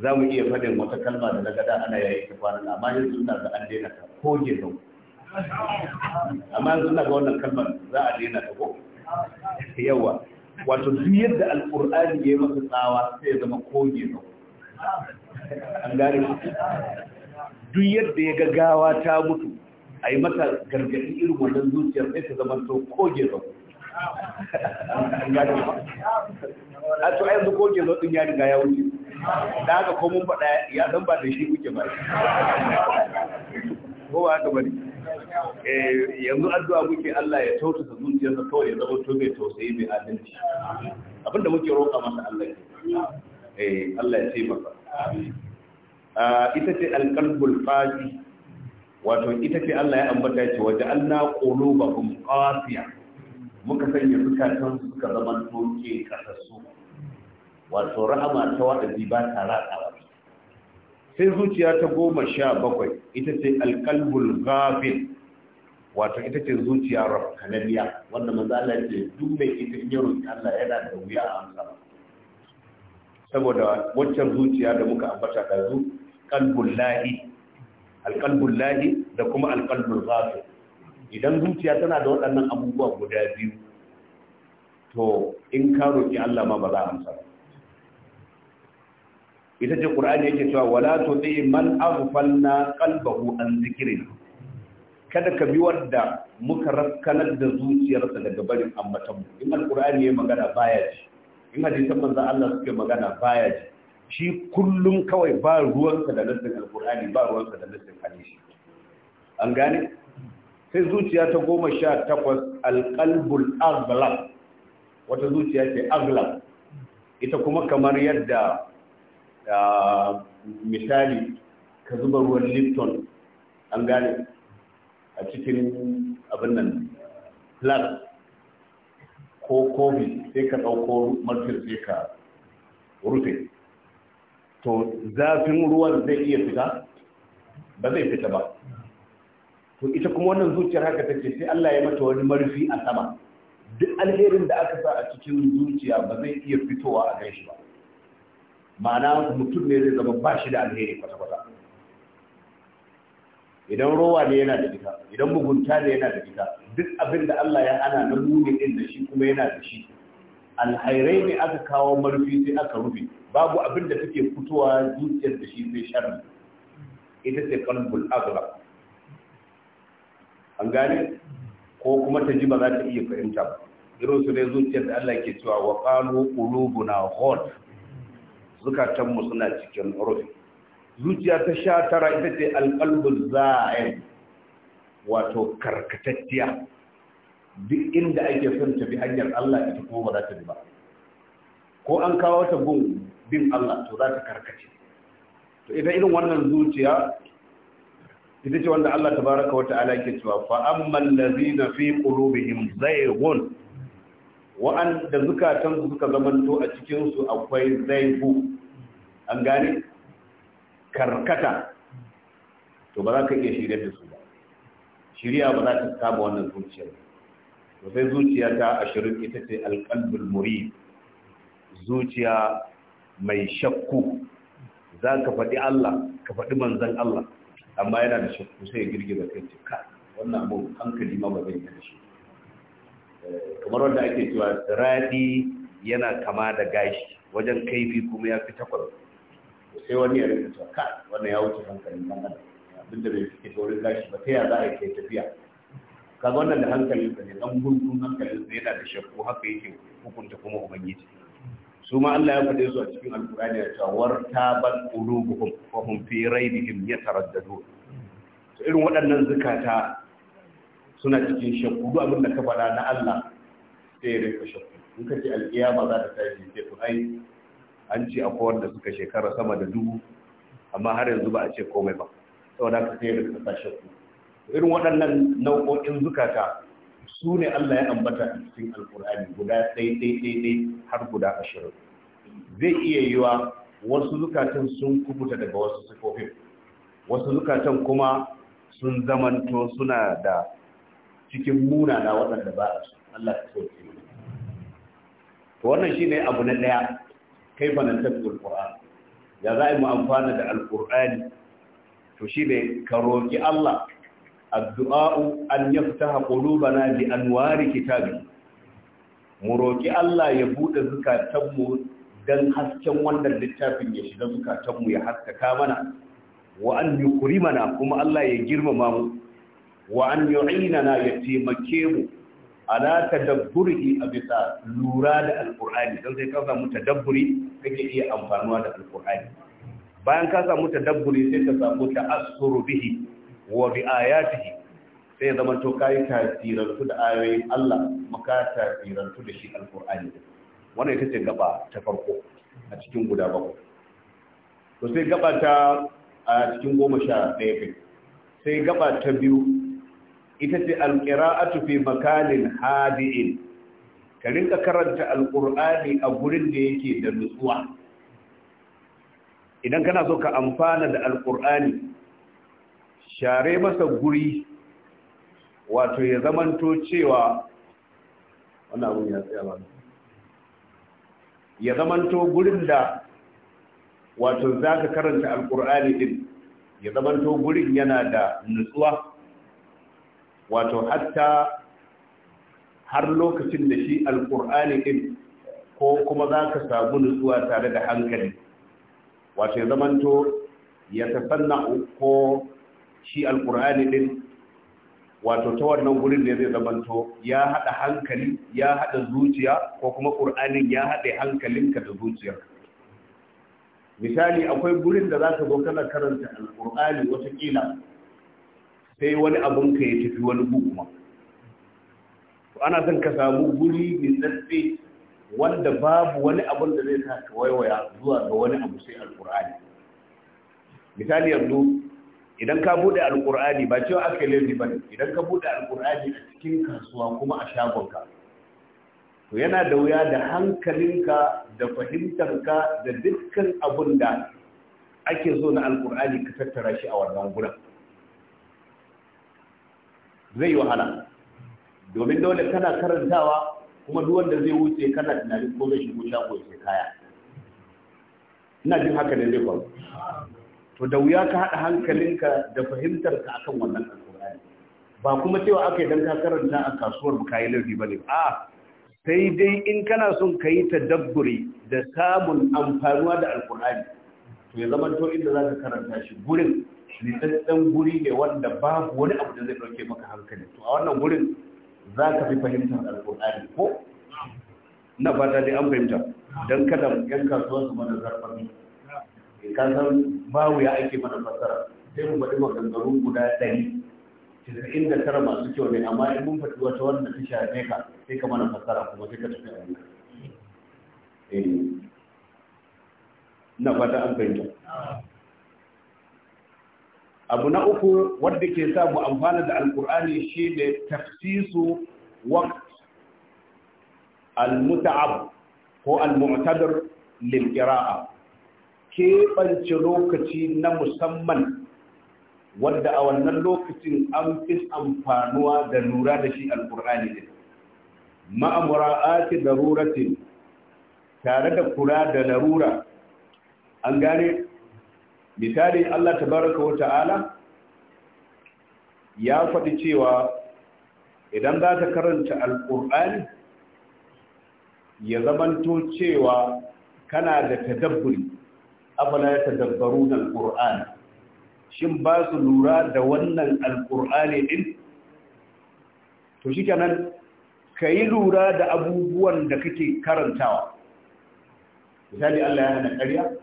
za mu iya faɗin wata kalma da daga da ana yayi ta kwanan amma yanzu suna ga an daina ta ko ke amma yanzu suna ga wannan kalmar za a daina ta ko yawa wato duk yadda alƙur'ani ya yi masa tsawa sai ya zama ko zau an gane duk yadda ya ga gawa ta mutu a yi mata gargaɗi irin wannan zuciyar sai ta zama to ko zau an a to yanzu ko zau ɗin ya riga ya wuce da haka ko mun faɗa ya zan ba da shi kuke ba ko ba haka bari? eh yanzu addu'a muke Allah ya tautata zuciyarsa kawai ya zama to mai tausayi mai adalci abinda muke roƙa masa Allah eh Allah ya taimaka ah, ita ce alqalbul fazi wato ita ce Allah ya ambata ce wa ja'alna qulubahum qasiya muka sanya zukatan suka zama toke kasassu wato rahama ta wa'azi ba ta ratsawa sai zuciya ta goma sha bakwai ita ce alkalbul gafil wato ita ce zuciya rafkananiya wanda maza Allah ce duk mai ita ya yaro Allah yana da wuya a amsa saboda waccan zuciya da muka ambata da zu kalbul lahi alkalbul lahi da kuma alkalbul gafil idan zuciya tana da waɗannan abubuwa guda biyu to in ka roƙi Allah ma ba za a amsa ba ita ce qur'ani yake cewa wala to tuti man aghfalna qalbahu an zikrina kada ka bi wanda muka raskanar da zuciyarsa daga barin ambatan in alqur'ani yayi magana baya ji in hadisan manzon Allah suke magana baya ji shi kullum kawai ba ruwansa da nassin alqur'ani ba ruwansa da nassin hadisi an gane sai zuciya ta goma sha takwas alƙalbul aglab wata zuciya ce aglab ita kuma kamar yadda Ah, misali ka zuba ruwan lipton an gane a cikin abin nan flat ko kofi sai ka ɗauko martin sai ka rufe to zafin ruwan zai iya fita ba zai fita ba to ita kuma wannan zuciyar haka take sai Allah ya mata wani marfi a sama duk alherin da aka sa a cikin zuciya ba zai iya fitowa a gaishe ba ma'ana mutum ne zai zama ba shi da alheri kwata-kwata idan rowa ne yana da ita idan mugunta ne yana da ita duk abin da Allah ya ana na muni din da shi kuma yana da shi alhairai ne aka kawo marfi sai aka rufe babu abin da take fitowa zuciyar da shi sai sharri ita ce kalbul azra an gane ko kuma ta ji ba za ta iya fahimta ba irin su ne zuciyar da Allah ke cewa wa qalu qulubuna ghulf zukatanmu suna cikin rufi zuciya ta sha tara ita ce alƙalbin za'ayin wato karkatacciya duk inda ake son ta bi hanyar Allah ita kuma ba za ta bi ba ko an kawo ta gun bin Allah to za ta karkace to ita irin wannan zuciya ita ce wanda Allah tabaraka wa ta'ala ke cewa fa amman ladhina fi qulubihim an wa'anda zukatan suka zamanto a cikin su akwai zaygun an gane karkata to ba za ka iya shirya da su ba shirya ba za ta kama wannan zuciyar to sai zuciya ta ashirin ita ce alƙalbul muri zuciya mai shakku za ka faɗi Allah ka faɗi manzan Allah amma yana da shakku sai ya girgiza kai ce ka wannan abu hankali ma ba zai yi shi eh, kamar wanda ake cewa radi yana kama da gashi wajen kaifi kuma ya fi takwas sai wani ya rinka cewa kai wannan ya wuce hankalin nan adam abin da bai fike taurin gashi ba ta ya za a yi kai tafiya kaga wannan da hankalin sa ne dan gurgun hankalin sa yana da shakku haka yake hukunta kuma ubangiji su ma Allah ya faɗe su a cikin alkurani ya cewa wartaban qulubuhum wa hum fi raydihim yataraddadun to irin waɗannan zukata suna cikin shakku duk abin da ka faɗa na Allah sai ya rinka shakku in ka ce alƙiyama za ta tashi sai to ai an ce akwai wanda suka shekara sama da dubu amma har yanzu ba a ce komai ba saboda ka sai da kasashen ku irin waɗannan nau'o'in zukata su ne Allah ya ambata a cikin alkur'ani guda ɗai har guda ashirin zai iya yiwa wasu zukatan sun kubuta daga wasu sifofin wasu zukatan kuma sun zamanto suna da cikin munana waɗanda ba a su Allah ta sauke to wannan shine abu na ɗaya kai ba nan tafi ya za a yi mu amfana da alƙur'ani to shi ne ka roƙi Allah addu'a'u an yaftaha da an wari kitabi mu roƙi Allah ya buɗe zukatanmu dan hasken wannan littafin ya shiga zukatanmu ya haskaka mana wa an mana kuma Allah ya girmama mu wa an yu'inana ya taimake mu ala tadabburi a bisa lura da alkur'ani don sai ka samu tadabburi kake iya amfanuwa da alkur'ani bayan ka samu tadabburi sai ka samu ta'assuru bihi wa bi ayatihi sai zama to kai su da ayoyin Allah maka su da shi alqur'ani wannan ita ce gaba ta farko a cikin guda bakwai to sai gaba ta a cikin goma sha ɗaya sai gaba ta biyu ita ce alƙira'atu fi makalin hadi'in ka rinka karanta alƙur'ani a gurin da yake da nutsuwa idan kana so ka amfana da alƙur'ani share masa guri wato ya zamanto cewa wannan ya tsaya ba ya zamanto gurin da wato za ka karanta alƙur'ani din ya zamanto gurin yana da nutsuwa wato hatta har lokacin da shi alƙur'ani ɗin ko kuma za ka samu nutsuwa tare da hankali wato ya zamanto ya tasanna ko shi alƙur'ani ɗin wato ta wannan gurin ne zai zamanto ya haɗa hankali ya haɗa zuciya ko kuma ƙur'anin ya haɗe hankalinka da zuciyar misali akwai gurin da za ka zo kana karanta alƙur'ani wataƙila sai wani abun ka ya tafi wani to ana son ka samu guri mai tsatsi wanda babu wani abin da zai sa ka waiwaya zuwa ga wani abu sai alkur'ani misali yanzu idan ka bude alkur'ani ba cewa aka laifi ba idan ka bude alkur'ani a cikin kasuwa kuma a shagonka to yana da wuya da hankalinka da fahimtarka da dukkan abun da ake so na alkur'ani ka tattara shi a wannan gurin zai yi wahala domin dole kana karantawa kuma duk wanda zai wuce kana tunanin ko zai shigo shago ya kaya ina jin haka ne zai faru to da wuya ka haɗa hankalinka da fahimtarka akan wannan alƙur'ani ba kuma cewa aka yi don ka karanta a kasuwar bukayi lardi ba ne a sai dai in kana son ka yi tadabburi da samun amfanuwa da Alkur'ani. to ya zama to inda za ka karanta shi gurin nitsatsen guri ne wanda babu wani abu da zai ɗauke maka hankali to a wannan gurin za ka fi fahimtar alƙur'ani ko na fata dai an fahimta don kada yan kasuwa su mana zarfar eh, ka san bawu ya ake mana fasara sai mu faɗi maganganu guda ɗari Cikin da tara masu kyau ne amma in mun faɗi wata wanda ta shafe ka sai ka mana fasara kuma sai ka tafi a na fata an fahimta abu na uku wadda ke sa mu amfana da alkur'ani shi ne tafsisu waqt al-muta'ab ko al-mu'tadir lil qira'a keɓance lokaci na musamman wadda a wannan lokacin an fi amfanuwa da lura da shi ne. Ma'amura ma'amura'ati daruratin tare da kula da larura an gane misali Allah tabaraka wa ta'ala ya faɗi cewa idan za ka karanta alƙur'ani ya zamanto cewa kana da tadabburi afala ya tadabbaru da alƙur'ani shin ba su lura da wannan alƙur'ani ɗin to shi kenan ka yi lura da abubuwan da kake karantawa misali Allah ya hana ƙarya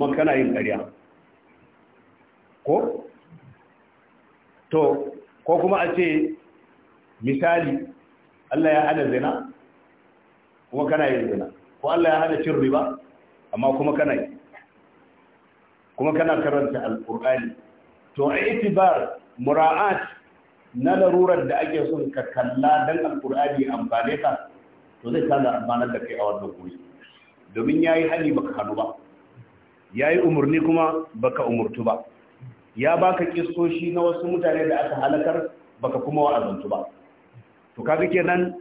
kuma kana yin ƙarya ko to ko kuma a ce misali Allah ya hana zina kuma kana yin zina ko Allah ya hana cin riba amma kuma kana yi kuma kana karanta alƙur'ani to a itibar mura'at na larurar da ake son ka kalla don alkur'ani amfane ka to zai kana amfanar da kai a wannan guri domin ya yi hali baka hannu ba ya yi umarni kuma baka umurtu ba ya baka kiskoshi na wasu mutane da aka halakar baka kuma wa'azantu ba to kaga kenan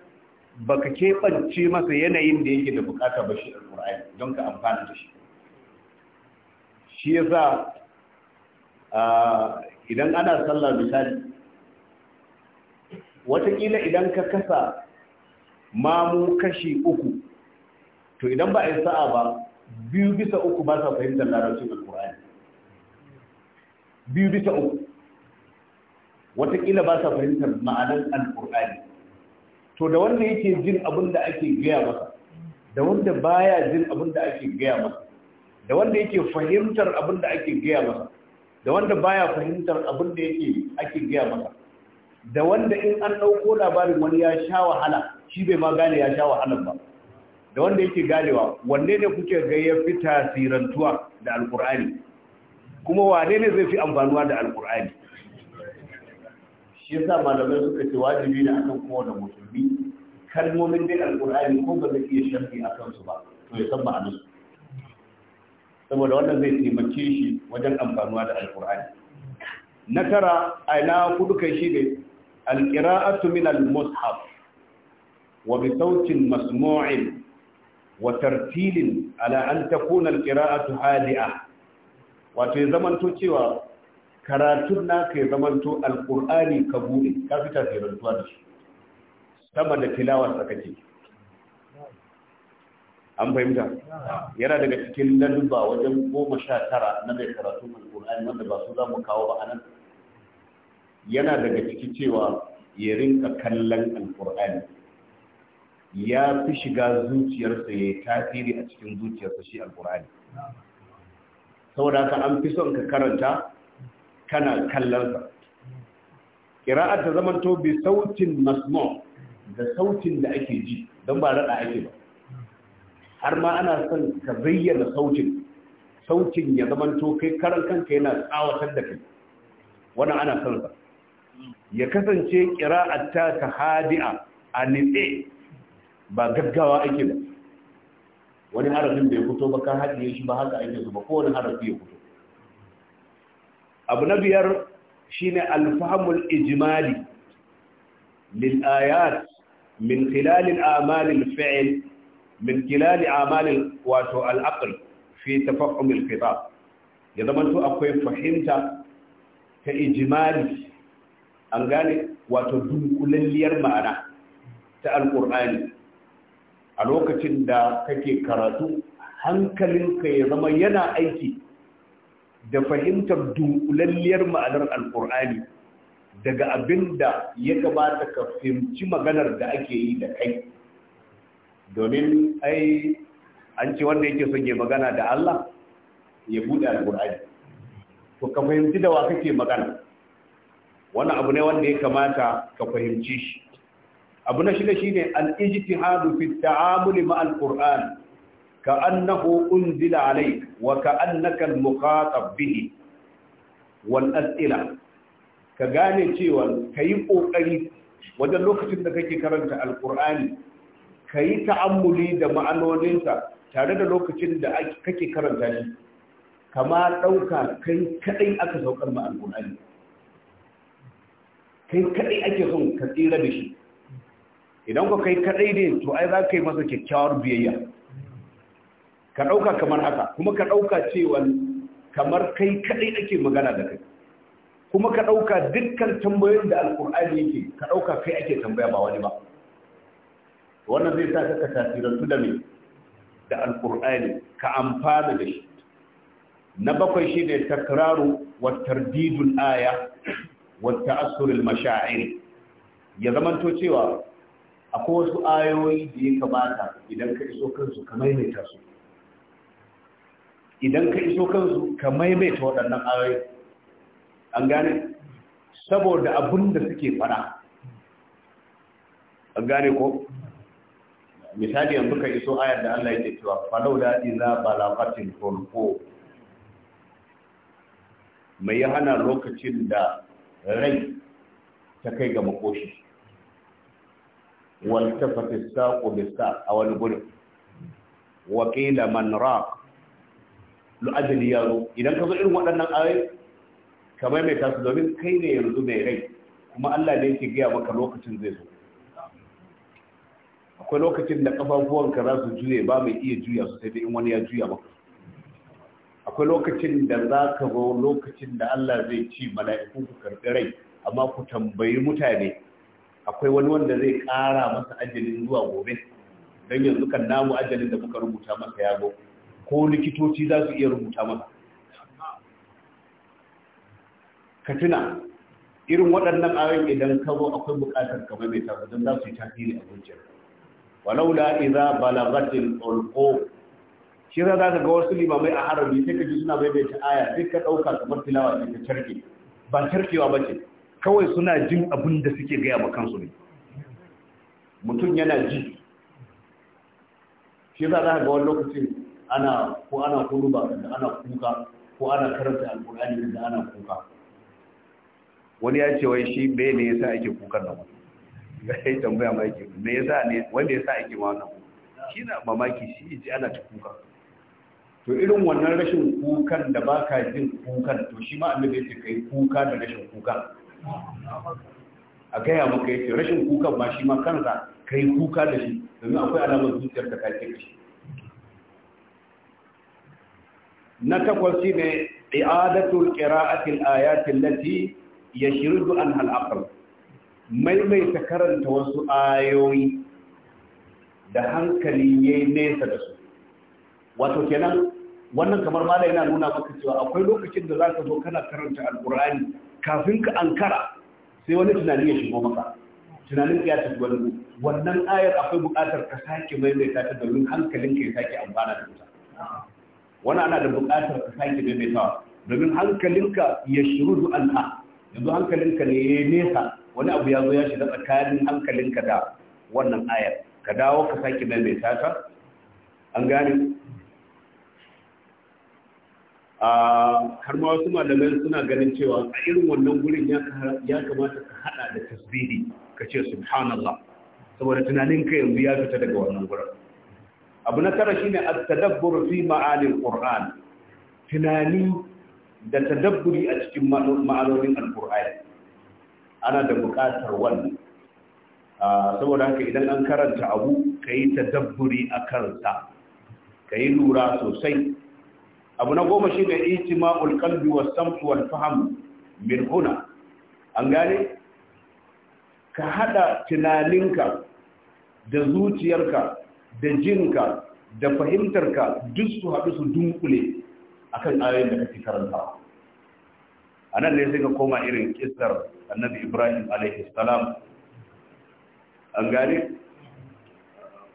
baka keɓance masa yanayin da yake da bukata ba shi alƙur'ani don ka amfana da shi shi ya sa idan ana sallah misali watakila idan ka kasa mamu kashi uku to idan ba a yi sa'a ba biyu bisa uku ba sa fahimtar larabcin alkur'ani biyu bisa uku watakila ba sa fahimtar ma'anar alkur'ani to da wanda yake jin abin da ake gaya masa da wanda baya jin abin da ake gaya masa da wanda yake fahimtar abin da ake gaya masa da wanda baya fahimtar abin da yake ake gaya masa da wanda in an ɗauko labarin wani ya sha wahala shi bai ma gane ya sha wahalan ba da wanda yake ganewa wanne ne kuke ga fi tasirantuwa da alkur'ani kuma wane ne zai fi amfanuwa da alkur'ani shi yasa malamai suka ce wajibi ne akan da musulmi kalmomin din alkur'ani ko ba zai iya shafi a kansu ba to ya san ma'anarsu saboda wannan zai taimake shi wajen amfanuwa da alkur'ani na tara a ina kudu kai shi ne alƙira'atu min al-mushaf wa sautin masmu'in wa tartilin ala an takuna alqira'atu hadi'a wato ya zamanto cewa karatun naka ya zamanto alqur'ani ka bude ka fita tasirantuwa da shi sama da tilawar sa kake an fahimta yana daga cikin lalluba wajen goma sha tara na mai karatun alqur'ani wanda ba su za mu kawo ba anan yana daga ciki cewa ya rinka kallon alqur'ani ya fi shiga zuciyarsa ya yi tasiri a cikin zuciyarsa shi alkur'ani saboda haka an fi son ka karanta kana kallonsa ƙira'ar ta zama to bi sautin masmo da sautin da ake ji don ba raɗa ake ba har ma ana son ka zayyana sautin sautin ya zama to kai karan kanka yana tsawatar da kai wani ana sonsa. ya kasance ƙira'ar ta ta hadi'a a nitse ba gaggawa ake ba wani harafin bai fito ba ka haɗiye shi ba haka ake su ba wani harafi ya fito abu na biyar shine alfahamul ijimali lil ayat min khilal al a'mal al fi'l min khilal amalin wato al aql fi tafahum al khitab ya zaman to akwai fahimta ta ijimali an gane wato dunkulalliyar ma'ana ta alqur'ani a lokacin da kake karatu hankalinka ya zama yana aiki da fahimtar dunkulalliyar ma'anar alkur'ani daga abin da ya kamata ka fahimci maganar da ake yi da kai domin ai an ce wanda yake son ya magana da Allah ya bude alkur'ani to ka fahimci da wa kake magana wani abu ne wanda ya kamata ka fahimci shi abu na shida shine al-ijtihadu fi at-ta'amul ma'a al-Qur'an ka'annahu unzila alayk wa ka'annaka al-muqatab bihi wal as'ila ka gane cewa kayi kokari wajen lokacin da kake karanta al-Qur'ani kayi ta'ammuli da ma'anoninsa tare da lokacin da kake karanta shi kama dauka kai kadai aka saukar ma al-Qur'ani kai kadai ake son ka tsira da shi idan ka kai kadai ne to ai za ka yi masa kyakkyawar biyayya ka ɗauka kamar haka kuma ka ɗauka cewa kamar kai kadai ake magana da kai kuma ka ɗauka dukkan tambayoyin da alƙur'ani yake ka ɗauka kai ake tambaya ba wani ba wannan zai sa ka su da me da alkur'ani ka amfana da shi na bakwai shi shine takraru wa tardidul aya wa ta'assur al ya zamanto cewa akwai wasu ayoyi da ya kamata idan ka iso kansu ka maimaita su idan ka iso kansu ka maimaita waɗannan ayoyi an gane saboda abin da suke fara an gane ko misali yanzu ka iso ayar da Allah yake cewa falaula iza balaqatil hulqu mai ya hana lokacin da rai ta kai ga makoshi والتفت الساق بالساق أو نقول وقيل من راق لأجل يارو إذا كذو إلو وأنا آي كما يميتا سلومين كين يرزو ميري كما الله ليك جيا مكا لوكتين زيزو akwai lokacin da kafafuwanka za su juye ba mai iya juya su sai dai in wani ya juya maka akwai lokacin da za ka zo lokacin da Allah zai ci mala'iku ku karɓi rai amma ku tambayi mutane akwai wani wanda zai ƙara masa ajalin zuwa gobe don yanzu kan namu ajalin da muka rubuta masa yago ko likitoci za su iya rubuta masa ka tuna irin waɗannan ayoyin idan ka zo akwai buƙatar ka mai tafi don za su yi tasiri a zuciyar walaula idza balagatin ɗolko. shi za ka ga wasu limamai a harabi sai ka ji suna maimaita aya sai ka ɗauka kamar tilawa sai ta carke ba carkewa ba ce kawai suna jin abin da suke gaya ma kansu ne mutum yana ji shi za a ga wani lokacin ana ko ana kuruba da ana kuka ko ana karanta alkur'ani da ana kuka wani ya ce wai shi bai ne yasa ake kukan da wani ya yi tambaya ma yake me yasa ne wanda yasa ake ma wannan shi na mamaki shi ji ana ta kuka to irin wannan rashin kukan da baka jin kukan to shi ma annabi ya ce kai kuka da rashin kuka a gaya maka yake rashin kukan ma shi ma kansa kai kuka da shi domin akwai alamar zuciyar da kake shi na takwas shine i'adatul qira'atil ayati allati yashrudu anha al maimaita karanta wasu ayoyi da hankali yayi nesa da su wato kenan wannan kamar ma yana nuna maka cewa akwai lokacin da za ka zo kana karanta alkurani kafin ka ankara sai wani tunani ya shigo maka tunanin ya tafi wani wannan ayar akwai buƙatar ka sake maimaita ta domin hankalin ka ya sake amfana da ita Wani ana da buƙatar ka sake maimaitawa domin hankalinka ya shiru anha yanzu hankalinka ne ya nesa wani abu ya zo ya shiga tsakanin hankalinka da wannan ayar ka dawo ka sake maimaita ta an gane har wasu malamai suna ganin cewa a irin wannan gurin ya kamata ka hada da tasbihi ka ce subhanallah saboda tunanin ka yanzu ya fita daga wannan gurin abu na tara shine at-tadabbur fi ma'anil qur'an tunani da tadabburi a cikin ma'anonin al al-qur'an ana da buƙatar wannan saboda haka idan an karanta abu ka yi tadabburi a kansa ka yi lura sosai abu na goma shine itima'ul qalbi was samtu wal fahm min huna an gane ka hada tunaninka da zuciyarka da jinka da fahimtarka duk su haɗu su dunkule akan ayoyin da kake karanta a nan ne sai ka koma irin kisar annabi ibrahim alaihi salam an gane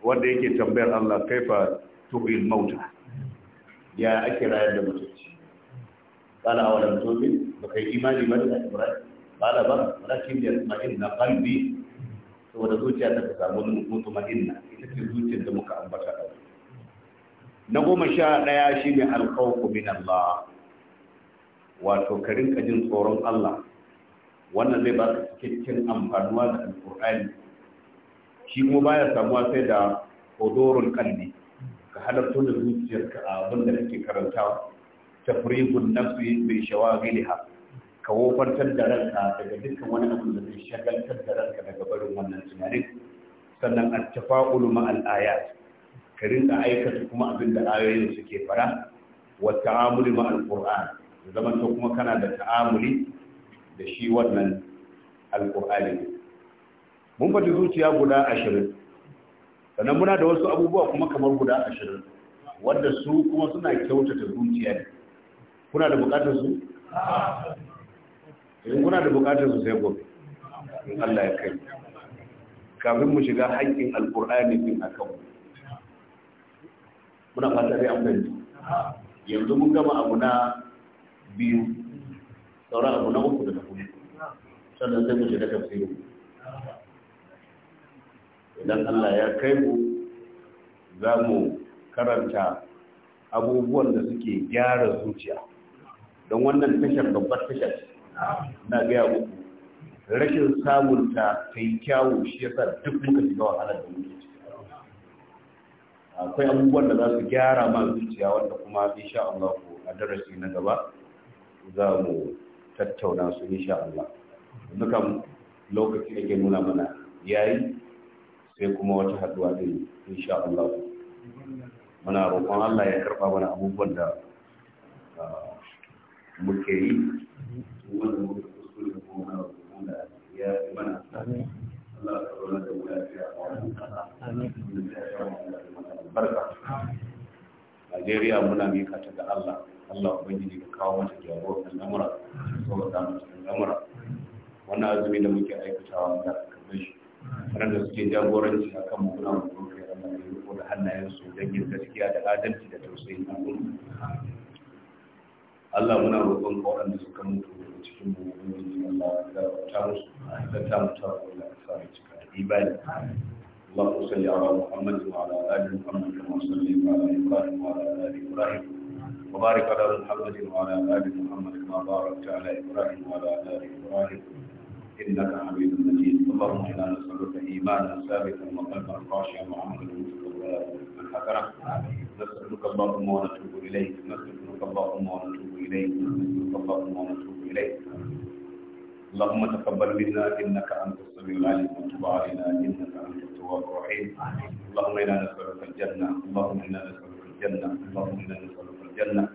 wanda yake tambayar allah kaifa tuhil mauta ya ake rayar da mutunci قال أولم تؤمن بكي إيماني مدى إبراهيم قال بلى ولكن يطمئن قلبي ba da zuciya ta fi samu na ita ce zuciyar da muka ambata da na goma sha ɗaya shi ne alkhawfu min Allah wato ka rinka jin tsoron Allah wannan zai ba ka cikakken amfanuwa da alqur'ani shi kuma baya samuwa sai da hudurul kalbi halarto da zuciyarka a abin da kake karantawa tafrihun nafsi bi ha, ka wofantar da ranka daga dukkan wani abu da zai shagaltar da ranka daga barin wannan tunanin sannan at-tafa'ulu ma'al ayat ka rinka aikata kuma abin da ayoyin suke fara wa ta'amuli al qur'an zaman to kuma kana da ta'amuli da shi wannan al-qur'ani mun fadi zuciya guda ashirin sannan muna da wasu abubuwa kuma kamar guda ashirin wadda su kuma suna kyautata zuciya ne kuna da bukatar su in eh, kuna da bukatar su sai gobe in Allah ya kai kafin mu shiga haƙƙin alƙur'ani din a kawo. muna fata dai an fahimta yanzu mun gama abu na biyu sauran abu na uku da na hudu sannan sai mu shiga tafsirin idan Allah ya kai mu za mu karanta abubuwan da suke gyara zuciya don wannan tashar babbar tashar na gaya muku rashin samunta ta yi kyawu shi yasa duk muka shiga wahalar da muke ciki akwai abubuwan da za su gyara ma zuciya wanda kuma insha Allah a darasi na gaba za mu tattauna su insha Allah dukan lokaci da ke nuna mana yayi sai kuma wata haduwa din insha Allah muna roƙon Allah ya karɓa mana abubuwan da ah, muke yi wanda muke kuskure kuma muna roƙon da ya yi mana Allah ya karba da mu lafiya a wannan kasa amin muna mika ta ga Allah Allah ubangiji ka kawo mata jagorar al'amura saboda mu cikin al'amura wannan azumi da muke aikatawa da karbe shi waɗanda suke jagoranci a kan mutuna mutum kai ramar da riko da hannayensu don yin gaskiya da adalci da tausayi na gudu Allah muna roƙon ka waɗanda suka mutu daga cikin mu ubangiji Allah ya ta musu da ta mutu Allah ya sa mu cika da ibadi اللهم صل على محمد وعلى ال محمد كما صليت على ابراهيم وعلى ال ابراهيم وبارك على محمد وعلى ال محمد كما باركت على ابراهيم وعلى ال ابراهيم إنك حميد مجيد اللهم إنا نسألك إيمانا ثابتا وقلبا خاشعا وعملا متقبلا حسنة اللهم ونتوب إليك نسألك اللهم ونتوب إليك نسألك اللهم ونتوب إليك اللهم تقبل منا إنك أنت السميع العليم وتب علينا إنك أنت التواب الرحيم اللهم إنا نسألك الجنة اللهم إنا نسألك الجنة اللهم إنا نسألك الجنة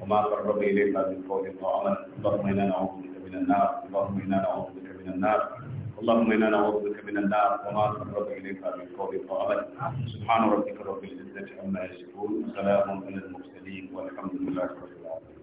وما قرب إليك من قول وعمل اللهم إنا نعوذ بك من النار اللهم إنا نعوذ بك من النار اللهم إنا نعوذ بك من النار وما تقرب إليك من قول وعمل سبحان ربك رب العزة عما يصفون سلام على المرسلين والحمد لله رب العالمين